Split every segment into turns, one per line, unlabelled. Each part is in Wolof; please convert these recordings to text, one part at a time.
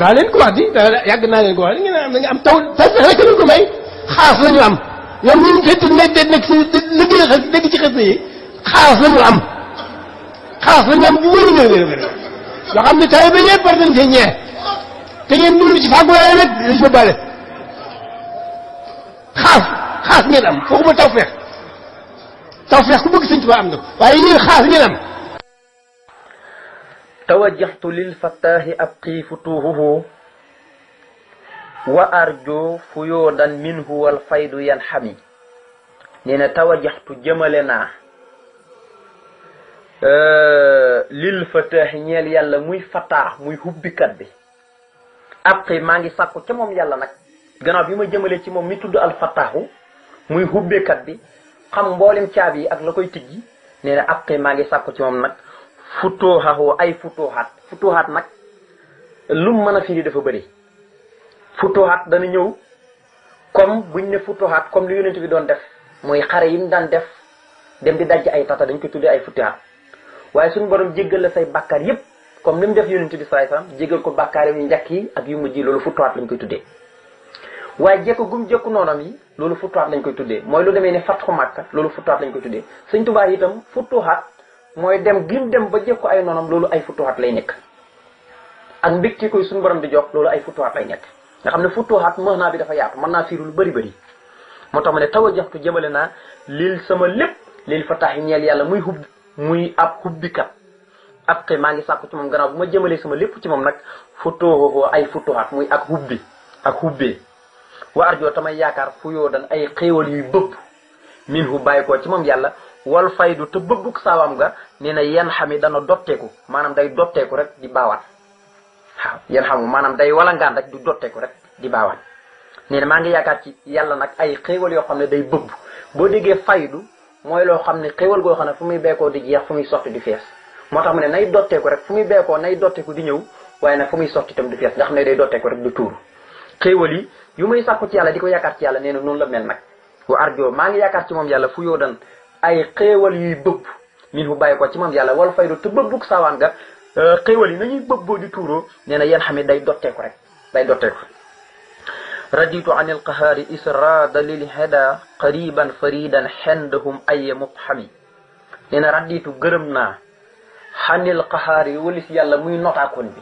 daa leen ko wax di da naa leen ko wax ngeen am da nga am taw taw fexe rek am ñoom ñun nekk de nekk xas dégg ci xas yi xaas la ñu am xaas la ñu am bu wér wér wér yoo te ngeen dund ci fàggu waaye ngeen am foofu ma taw feex taw am na waaye yéen xaas ngeen am tawajjaxtu lil fattaahi ab xiifu tuuhuhu wa arjo fuyoodan minhu wal faydu yan xami nee na tawajaxtu jëmale naa euh, lil fataaxi ñeel yàlla muy fataax muy hubbikat bi ab xi maa ngi sakk ca moom yàlla nag gannaaw bi ma jëmale ci moom mi tudd al fataaxu muy hubbekat bi xam mboolem caab yi ak la koy tijji nee ab xi maa ngi sàkku ci moom nag futuuxahu ay futuuxaat futuuxaat nag lu mu mën a firi dafa bëri futuuxaat dana ñëw comme buñ ne futuuxaat comme li yonent bi doon def mooy xare yi mu daan def dem di dajj ay tata dañ koy tuddee ay futuuxaat waaye suñu borom jéggal la say bàkkaar yépp comme ni mu def yonent bi sallallahu alayhi wasallam jéggal ko bàkkaar yu njëkk yi ak yu mujj yi loolu futuuxaat lañ koy tuddee waaye jekko gum jekku noonam yi loolu futuuxaat lañ koy tuddee mooy lu demee ne fatxu Màkka loolu futuuxaat lañ koy tuddee mooy dem gim dem ba jëf ko ay noonam loolu ay futuhaat lay nekk ak mbégte koy suñu borom di jox loolu ay futuhaat lay nekk nga xam ne futuhaat mën naa bi dafa yaatu mën naa fiiru lu bëri bëri moo ma ne taw a jaxtu jëmale naa lil sama lépp lil fataax yàlla muy hub muy ab hubbikat ak te maa ngi sàkku ci bu ma jëmalee sama lépp ci moom nag futuhoo ay futuhaat muy ak hubbi ak hubbee wa arjoo tamay yaakaar fu yoo dan ay xéewal yuy bëpp min hu bàyyi ci moom yàlla wal faydu te bëgguk saawam nga nee na yan xam yi dana dotteeku maanaam day dotteeku rek di baawaan waaw yan xamu maanaam day walangaan rek du dotteeku rek di baawaan nee na maa ngi yaakaar ci yàlla nag ay xéewal yoo xam ne day bëbb boo déggee faydu mooy loo xam ne xéewal goo xam ne fu muy beekoo di jeex fu muy sotti di fees moo tax mu ne nay dotteeku rek fu muy beekoo nay dotteeku di ñëw waaye nag fu muy sotti itam di fees ndax ne day dotteeku rek du tuur xéewal yi yu muy sàkku ci yàlla di ko yaakaar ci yàlla nee na noonu la mel nag wa arjo maa ngi yaakaar moom yàlla fu yoo dan ay xéewal yuy bëbb minhu bàyyi ko ci moom yàlla wal faydu te bëbbuk saawaan ga euh, xéewal yi nañuy bëbboo di tuuroo nee na yan xam ne day dotteeku rek day dotteeku raditu an alqahaari israada lil heda qariban faridan xendahum aye mubhami nee na raditu gërëm naa xanil qahaar yi walis yàlla muy notaakoon bi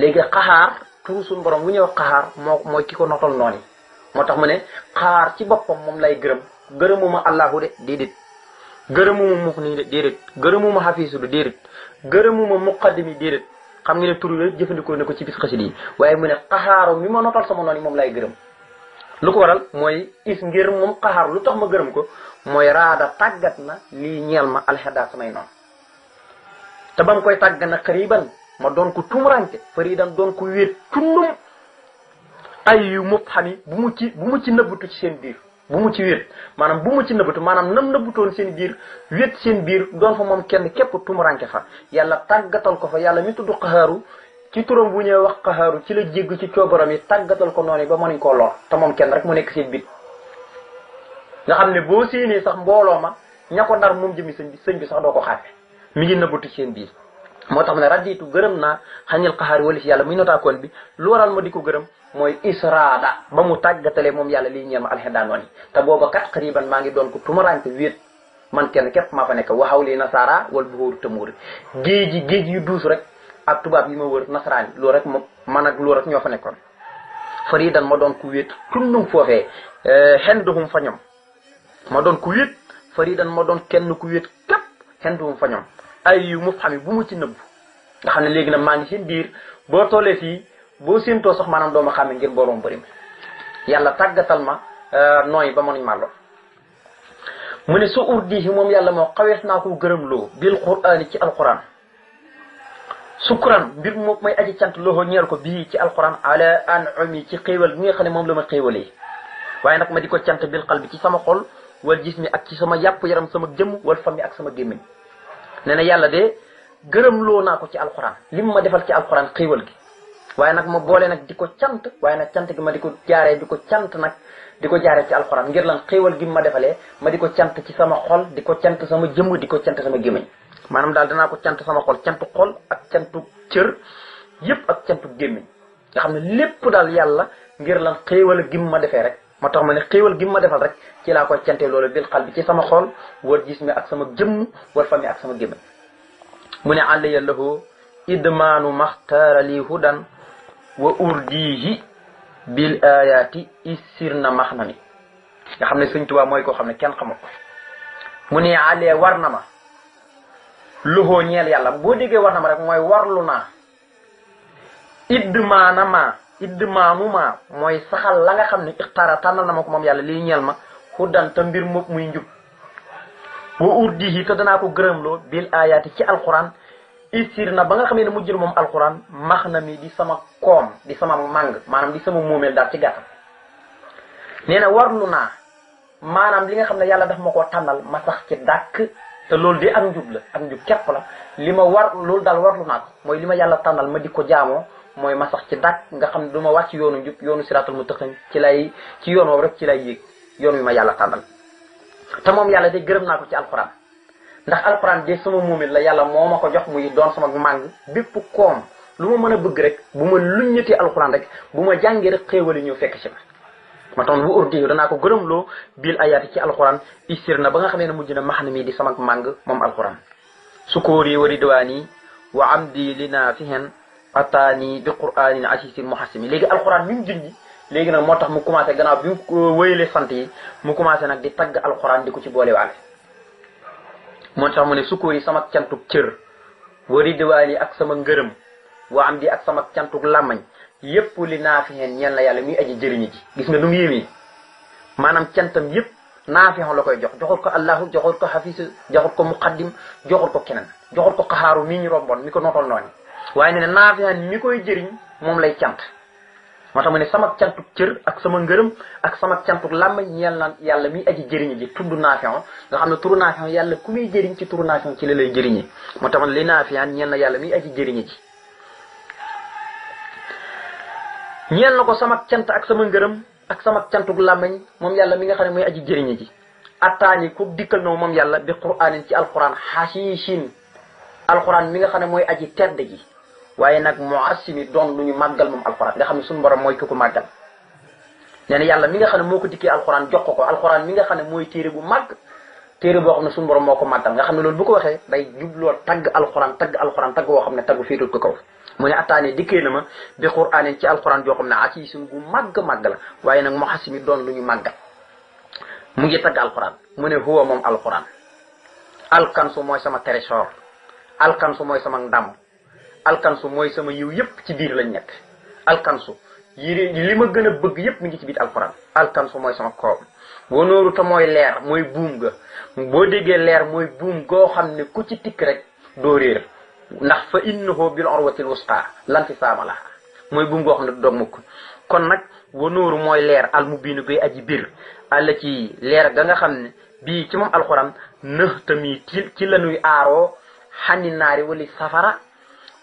léegi qahaar turu suñu borom wu ñëw qahaar moo mooy ki ko notal moo tax ma ne qahaar ci boppam moom lay gërëm gërëmuma allahu de déedéet gërëmuma muxni de déedéet gërëmuma xafiisu de déedéet gërëmuma muqaddimi déedéet xam nga ne tur yooyu jëfandikoo na ko ci bis xasit yi waaye mu ne xaxaaru mi ma notal sama noonu moom laay gërëm lu ko waral mooy is ngir moom xaxaaru lu tax ma gërëm ko mooy raada tàggat na lii ñeel ma alxadaa samay noonu te ba mu koy tàggat na xariban ma doon ko tumurante faridan doon ko wéet tullum ay yu mub xami bu mu ci bu ci nëbbatu ci seen biir bu mu ci wéet maanaam bu mu ci nëbbatu maanaam nam nëbbutoon seen biir wéet seen biir doon fa moom kenn képp tumuranke fa yàlla tàggatal ko fa yàlla mi tudd xaxaaru ci turam bu ñëwee wax xaxaaru ci la jégg ci coobaram yi tàggatal ko noonu ba mënuñ ko lor te moom kenn rek mu nekk seen biir nga xam ne boo séenee sax mbooloo ma ña ko ndar moom jëmi sëñ bi sëñ bi sax doo ko xàmme mi ngi nëbbatu seen biir moo tax mu ne raddiitu gërëm naa xañil xaxaar wali si yàlla muy bi lu waral ma di ko gërëm mooy israada ba mu tàggatalee moom yàlla lii ñeen ma alxedaan wani te booba kat xariban maa ngi doon ko tumaraante wéet man kenn képp ma fa nekk waxaw li nasaara wal buhóoru tamóori géej gi géej yu duus rek ak tubaab yi ma wër nasaraani loolu rek moom man ak loolu rek ñoo fa nekkoon faridan ma doon ku wéet tundum foofee eh, xenduhum fa ñoom ma doon ku wéet faridan ma doon kenn ku wéet képp xenduhum fa ay yu mu xam bu mu ci nëbbu nga xam ne léegi nag maa ngi seen biir boo tollee fii boo sintoo sax maanaam doo ma xam ngir mbooloo mu bëri ma yàlla tàggatal ma euh, nooy ba mënuñ màlloo mu ne su urdihi moom yàlla moo xawees naa ko gërëm loo bil qur'aani ci alquran sukkuran mbir moom may aji cant loxo ñeel ko bii ci alquran ala an umi ci xéewal bi nga xam ne moom la ma xéewalee waaye nag ma di ko cant bil xal bi ci sama xol wal gis mi ak ci sama yàpp yaram sama jëmm wal fam ak sama gémmiñ nee na yàlla de gërëmloo naa ko ci alxuraan li mu ma defal ci alxuraan xéewal gi waaye nag ma boole nag di ko cant waaye nag cant gi ma di ko jaaree di ko cant nag di ko jaaree ci al alxuraan ngir lan xéewal gi ma defalee ma di ko cant ci sama xol di ko cant sama jëmm di ko cant sama gémmiñ maanaam daal danaa ko cant sama xol cantu xol ak cantu cër yépp ak cantu gémmiñ nga xam ne lépp daal yàlla ngir lan xéewal gi ma defee rek moo tax ma ne xéewal gi mu ma defal rek ci laa koy cante loolu bil xal bi ci sama xool war gis mi ak sama jëmm war fa mi ak sama gémmiñ mu ne àll yàllahu idmaanu maxtaarali hudan wa urdihi bil ayaati isir na max na mi nga xam ne sëñ Tuubaa mooy koo xam ne kenn xamul ko mu ne àllee war na ma loxoo ñeel yàlla boo déggee war na ma rek mooy warlu naa idmaana ma iddmaamu ma mooy saxal la nga xam ne ixtaara tànnal na ma ko moom yàlla lii ñeel ma xuddan te mbir moom muy njub boo urdihi te danaa ko gërëmloo bil ayaati ci alxuraan istir na ba nga xam ne mu jël moom alquran max na mi di sama koom di sama màng maanaam di sama muumeel daal ci gàttal nee na warlu naa maanaam li nga xam ne yàlla daf ma ko tànnal ma sax ci dàkk te loolu di ak njub la ak njub képp la li ma war loolu daal warlu naa ko mooy li ma yàlla tànnal ma di ko jaamoo mooy ma sax ci dàkk nga xam ne du ma wàcc yoonu njub yoonu siraatul mustaqim ci lay ci yoon woowu rek ci lay yéeg yoon wi ma yàlla tànnal te moom yàlla de gërëm naa ko ci alquran ndax alquran de sama muumin la yàlla moo ma ko jox muy doon sama màng bépp koom lu ma mën a bëgg rek bu ma luññatee alquran rek bu ma jàngee rek xéewal yi ñëw fekk ci ma ma tax bu urdi danaa ko gërëm loo bil ayaati ci alquran istir na ba nga xamee ne mujj na max na mii di sama màng moom alquran yi ataani bi quraanin asiisin muhassimi léegi alquran mi mu junj léegi nag moo tax mu commencé gannaaw bi mu euh, wéyalee sant yi mu commencé nag di tagg alquran di ko ci boole waale moo tax mu ne su yi sama cantu cër wa ridwaan yi ak sama ngërëm wa am di ak sama cantu làmmañ yépp li naafiheen ñeen la yàlla muy aji jëriñu ji gis nga nu mu yéemee maanaam cantam yépp naafiheen la koy jox joxut ko allahu joxut ko xafiisu joxut ko muqaddim joxut ko keneen joxut ko xaxaaru mii ñu romboon mi ko nootoon noonu waaye ne ne naafiya koy jëriñ moom lay cant moo tax mu ne sama cantu cër ak sama ngërëm ak sama cantuk làmb yàlla yàlla miy aji jëriñ ji tudd nga xam ne turu naafiya yàlla ku muy jëriñ ci turu ci la lay jëriñe moo tax man li naafiya ñeel na yàlla miy aji jëriñe ji ñeel na ko sama cant ak sama ngërëm ak sama cantuk làmmiñ moom yàlla mi nga xam ne mooy aji jëriñe ji attaani ko dikkal na moom yàlla bi quraanin ci alquran xasiisin alquran mi nga xam ne mooy aji tedd ji waaye nag moo assimi doon lu ñu màggal moom alxuraan nga xam ne suñu borom mooy ki ko màggal nee na yàlla mi nga xam ne moo ko dikkee alxuraan jox ko ko mi nga xam ne mooy bu màgg téere boo xam ne suñu borom moo ko màggal nga xam ne loolu bu ko waxee day jubloo tagg alxuraan tagg alxuraan tagg woo xam ne tagg féetul ko kaw mu ne attaane dikkee na ma bi quraanin ci alxuraan joo xam ne ak yi suñ bu màgg màgg la waaye nag moo assimi doon lu ñu màggal mu ngi tagg alxuraan mu ne huwa moom alkaan su mooy sama trésor su mooy sama ndam alkansu mooy sama yiw yëpp ci biir lañ nekk alkansu yi li ma gën a bëgg yëpp mi ngi ci biir alquran alkansu mooy sama koom boo nooru mooy leer mooy buum ga boo déggee leer mooy buum goo xam ne ku ci tikk rek doo réer ndax fa innahu bil urwatil wusqa lanti saama la mooy buum goo xam ne doo mukk kon nag wa nooru mooy leer al mubiinu bay aji biir àlla ci leer ga nga xam ne bii ci moom alxuraan nëx tamit ci ci lañuy aaroo xani naari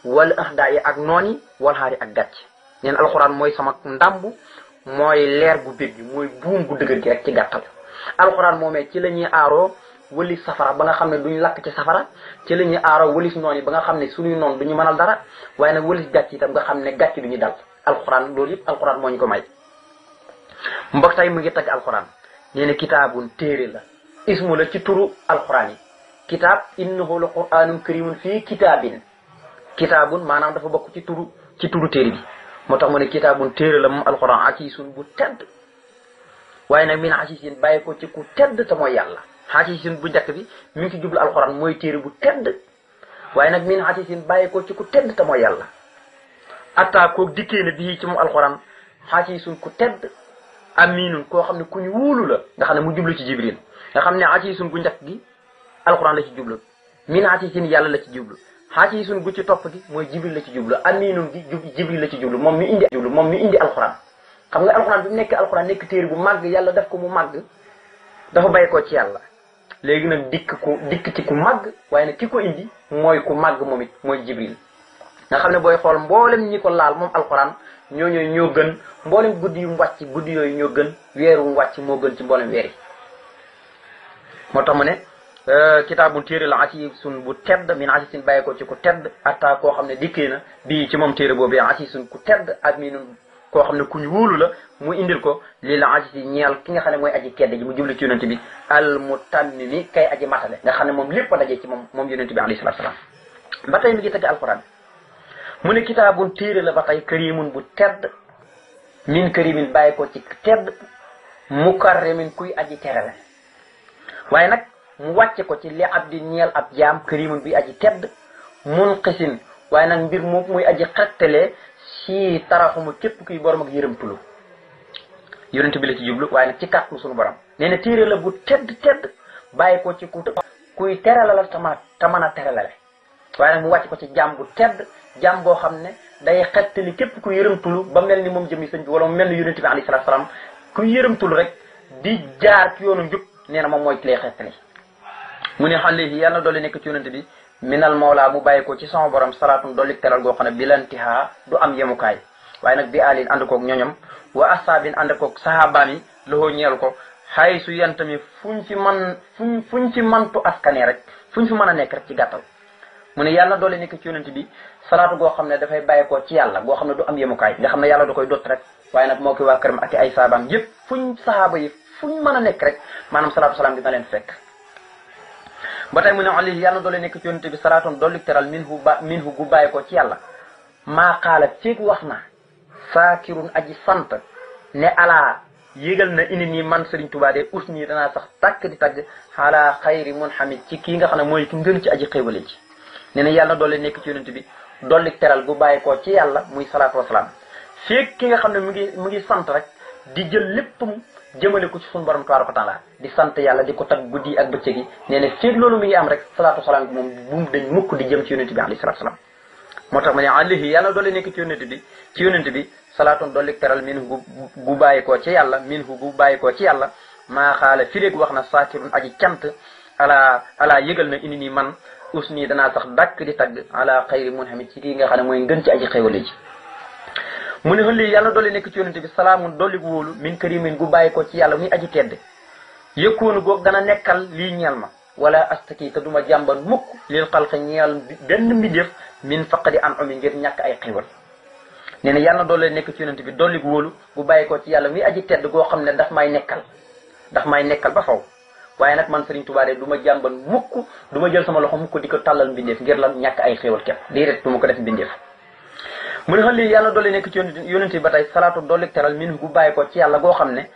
wala axdaa yi ak noon yi wal xaari ak gàcc neen alxuraan mooy sama ndàmb mooy leer gu bég gi mooy buum gu dëgër gi rek ci gàttal alxuraan moomee ci la ñuy aaroo wëlis safara ba nga xam ne duñu lakk ci safara ci la aaro aaroo wëlis noon yi ba nga xam ne su suñuy noon duñu mënal dara waaye nag wëlis gàcc itam nga xam ne gàcc duñu dal alxuraan loolu yëpp alxuraan moo ñu ko may mbokk tay mu ngi tagg alxuraan nee na kitaabun téere la ismu la ci turu alxuraan yi fii kitaabun maanaam dafa bokk ci turu ci turu téere bi moo tax mu ne kitaabun téere la moom alxuraan akiisun bu tedd waaye nag min asiisin bàyyi ko ci ku tedd te mooy yàlla asiisin bu njëkk bi mi ngi ci jublu alxuraan mooy téere bu tedd waaye nag min asiisin bàyyi ko ci ku tedd te mooy yàlla attaa koo dikkee ne bii ci moom alxuraan asiisun ku tedd aminun koo xam ne ku ñu wóolu la nga xam ne mu jublu ci jibril nga xam ne asiisun bu njëkk gi alxuraan la ci jublu min asiisin yàlla la ci jublu xaaji yi suñ gu ci topp di mooy jibril la ci jublu aminun gi jibril la ci jublu moom mi indi jublu moom mi indi alxuraan xam nga alxuraan bi mu nekk alxuraan nekk téere bu màgg yàlla def ko mu màgg dafa bay koo ci yàlla léegi nag dikk ko dikk ci ku màgg waaye nag ki ko indi mooy ku màgg moom it mooy jibril nga xam ne booy xool mboolem ñi ko laal moom alxuraan ñooñu ñoo gën mboolem guddi yu mu guddi yooyu ñoo gën weeru mu wàcc moo gën ci mboolem weer yi moo tax mu ne Euh, kitaabun téere la asisun bu tedd min asisin bàyyi ko ci ku tedd atta koo xam ne dikkee na bi ci moom téere boobu asisun ku tedd ak minun koo xam ne ku ñu wóolu la mu indil ko li la asisi ñeel ki nga xam ne mooy aji kedd ji mu jublu ci yonent bi al mu tànni ni kay aji matale nga xam ne moom lépp a daje ci moom moom yonent bi alayhi salaatu salaam ba tey mi ngi tëgg alquran mu ne kitaabun téere la ba tey karimun bu tedd min karimin bàyyi ko ci tedd mukarramin kuy aji terale waaye mu wàcce ko ci li ab di ñeel ab jaam kërimun bi aji tedd mun xisin waaye nag mbir moom muy aji xettalee si taraxuma képp kuy borom ak yërëmtulu yonent bi la ci jublu waaye ci kàttu suñu borom nee na téere la bu tedd tedd bàyyi ko ci ku kuy teralal tama taman a teralale waaye wàcc ko ci jaam tedd jaam boo xam ne day xettali képp ku yërëmtulu ba mel ni moom jëmi sëñ bi wala mu mel ni yonent bi alayhi salaatu salaam ku yërëmtulu rek di jaar ci yoonu njub nee na moom mooy ci lay xettali mu ne xalehi yàlla na dolli nekk ci yonente bi minal mawla mu bàyyi ko ci sama borom salaatun dolli teral goo xam ne bilantiha du am yemukaay waaye nag bi alin ànd koog ñoñom wa asaabin ànd koog sahabaam yi loxoo ñeel ko xay su yantami fuñ fi man fuñ fuñ fi mantu askanee rek fuñ fi mën a nekk rek ci gàttal mu ne yàlla doole nekk ci yonent bi salaatu goo xam ne dafay bàyyeekoo ci yàlla goo xam ne du am yemukaay nga xam ne yàlla da koy dott rek waaye nag moo ki waa këram ak ay saabaam yëpp fuñ sahaaba yi fuñ mën a nekk rek maanaam salaatu salaam dina leen fekk ba tey mu ne alayhi yàlla doole nekk ci yonente bi salaatun dolli teral min hu ba min hu gu bàyyi ko ci yàlla maa xaala feeg wax na saakirun aji sant ne alaa yégal na indi nii man Serigne Touba de us nii danaa sax tàkk di tàgg xalaa xayri mun xamit ci kii nga xam ne mooy ki ngën ci aji ci ji nee na yàlla doole nekk ci yonente bi dolli teral gu bàyyi ko ci yàlla muy salaatu wasalaam feeg ki nga xam ne mu ngi mu ngi sant rek di jël léppam jëmale ko ci suñu borom tabaaraka wa taala di sant yàlla di ko tag guddi ak bëccëg yi nee na feeg loolu mi ngi am rek salaatu salaam moom bu mu dañ di jëm ci yonente bi alayhi salaatu moo tax ma ne alayhi yàlla doole nekk ci yonente bi ci yonente bi salaatun dolli teral min gu bàyyi koo ci yàlla min hu gu bàyyi koo ci yàlla maa xaala filéeg wax na saakirun aji cant ala ala yëgal na indi nii man us nii danaa sax dàkk di tagg ala xayri mun xamit ci kii nga xam ne mooy ngën ci aji xewale ji mu ne xëlli yàlla dolli nekk ci yonente bi salaamun dolli gu wóolu min karimin gu bàyyi ko ci yàlla muy aji tedd yëkkoonu goog dana nekkal lii ñeel ma wala astaki te duma jàmban mukk lil xalqi ñeel benn mbindeef min faqadi am ami ngir ñàkk ay xiwal nee na yàlla nekk ci yonente bi dolli gu wóolu ci yàlla muy aji tedd goo xam ne daf may nekkal daf may nekkal ba faw waaye nag man Serigne Touba de du ma jàmban mukk du ma jël sama loxo mukk di ko tàllal mbindeef ngir lan ñàkk ay xéewal képp déedéet du ma ko def mbindeef mu ne xolli yàlla dolli nekk ci yonent yi ba tey salaatu dolli teral min gu bàyyi ko ci yàlla goo xam ne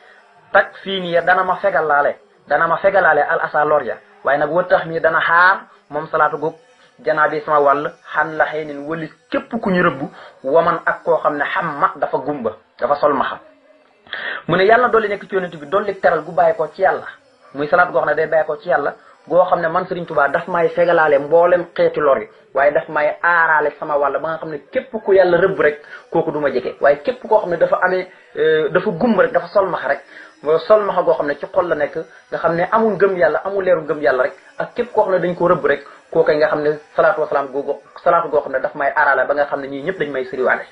tak fii nii dana ma fegal laale dana ma fegalaale al asa lor ja waaye nag wa tax mi dana xaar moom salaatu goog janaa bi sama wàll xan la xëy nin képp ku ñu rëbb waman ak koo xam ne xam ma dafa gumba dafa sol ma xam mu ne yàlla dolli nekk ci yonent bi dolli teral gu bàyyi ko ci yàlla muy salaatu goo xam ne day bàyyi ko ci yàlla goo xam ne man Serigne Touba daf may segalaale mboolem xeeti lor yi waaye daf may aaraale sama wàll ba nga xam ne képp ku yàlla rëbb rek kooku duma ma jege waaye képp koo xam ne dafa amee euh, dafa gumb rek dafa solmax rek solmaxa goo xam ne ci xol la nekk nga xam ne amul gëm yàlla amul leeru gëm yàlla rek ak képp koo dañ ko rëbb rek kooku nga xam ne salaatu wasalaam googu salaatu xam ne daf may aaraale ba nga xam ne ñii ñëpp dañ may sëriwaale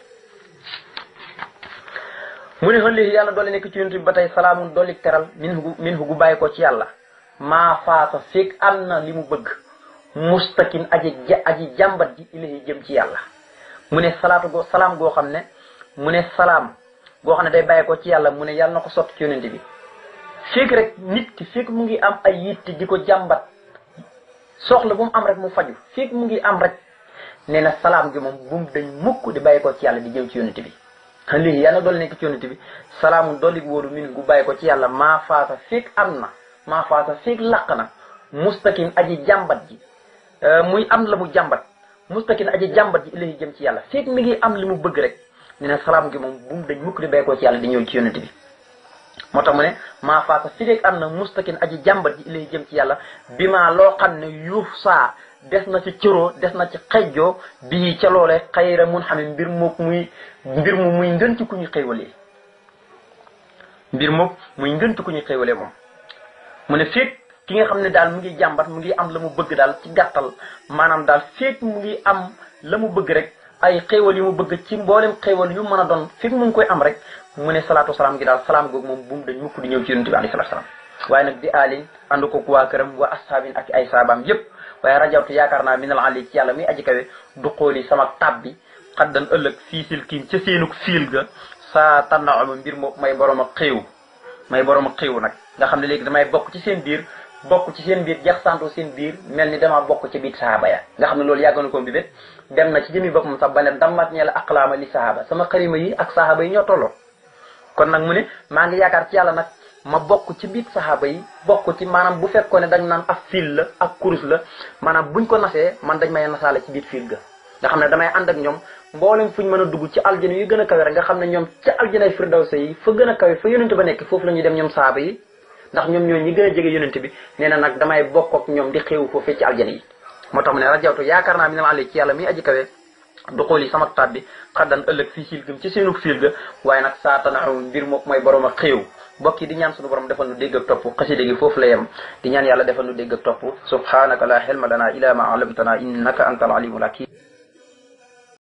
mu ne xëlli yàlla doole nekk ci yonent bi ba tey salaamun dolli teral min hu min gu bàyyi ko ci yàlla maa faata fekk am na li mu bëgg mustakin aji aji jàmbat ji ilahi jëm ci yàlla mu ne salaatu go salaam goo xam ne mu ne salaam goo xam ne day bàyyi ko ci yàlla mu ne yàlla na ko sotti ci bi fekk rek nit ki mu ngi am ay yitte jàmbat soxla bu mu am rek mu faju fekk mu ngi am rek nee na salaam gi moom bu mu dañ mukk di bàyyi ko ci yàlla di jëm ci yonent bi léegi yàlla dolli nekk ci yonent bi salaamu dolli wóolu min gu bàyyi ko ci yàlla maa faata fekk am na maa faata feeg làq na mustakin aji jàmbat ji euh, muy am la mu jàmbat mustakin aji jàmbat ji ilahi jëm ci yàlla feeg mi ngi am li mu bëgg rek ne ne salaam gi moom bu mu dañ mukk di beekoo ci yàlla di ñëw ci yonent bi moo mu ne maa faata am na mustakin aji jàmbat ji ilahi jëm ci yàlla bi maa loo xam ne yuuf saa des na ci cëroo des na ci xejjoo bii ca loolee xayra mun xam mbir mook muy mbir mu muy ku ñu xëywalee mbir mook muy ngënt ku ñu xëywalee moom mu ne féeg ki nga xam ne daal mu ngi jàmbat mu ngi am la mu bëgg daal ci gàttal maanaam daal féeg mu ngi am la mu bëgg rek ay xéewal yu mu bëgg ci mboolem xéewal yu mën a doon féeg mu ngi koy am rek mu ne salaatu salaam gi daal salaam googu moom bu mu dañ mukk di ñëw ci yonent bi alayhi salaatu salaam waaye nag di aali ànd ko waa këram wa ashaabin ak ay saabaam yépp waaye rajawtu yaakaar naa minal ali ci yàlla muy aji kawe du xooli sama tab bi xaddan ëllëg fii silkiin ca seenug fiil ga saa tànnaaw ma mbir moo may borom a xéew may borom xiiw nag nga xam ne léegi damay bokk ci seen biir bokk ci seen biir jax santu seen biir mel ni dama bokk ci biir sahaaba ya nga xam ne loolu yàgg na ko bi bét dem na ci bokk boppam sax ba ne dammat ñee la aqlaama li sahaaba sama xarima yi ak sahaaba yi ñoo tolloo kon nag mu ne maa ngi yaakaar ci yàlla nag ma bokk ci biir saxaaba yi bokk ci maanaam bu fekkoon ne dañ naan ab fiil la ak kurus la maanaam buñ ko nasee man dañ may nasaale ci biir fiil ga nga xam ne damay ànd ak ñoom mboolem fu ñu mën a dugg ci aljana yu gën a kawe rek nga xam ne ñoom ci aljanay firdaws yi fa gën a kawe fa yonent ba nekk foofu la ñuy dem ñoom saaba yi ndax ñoom ñooy ñi gën a jege yonent bi nee na nag damay bokk ak ñoom di xéewu foofu ci aljana yi moo tax mu ne rajawtu yaakaar naa mi ne ma àlli ci yàlla mi aji kawe du xool yi sama tab bi xaddan ëllëg fii xiil gëm ci seenu xiil waaye nag saatanaxaw mbir moom mooy borom a xéew mbokk yi di ñaan suñu borom defal nu dégg ak foofu la yem yàlla defal nu dégg ak topp subhanaka la xilma lana ila ma alamtana innaka anta al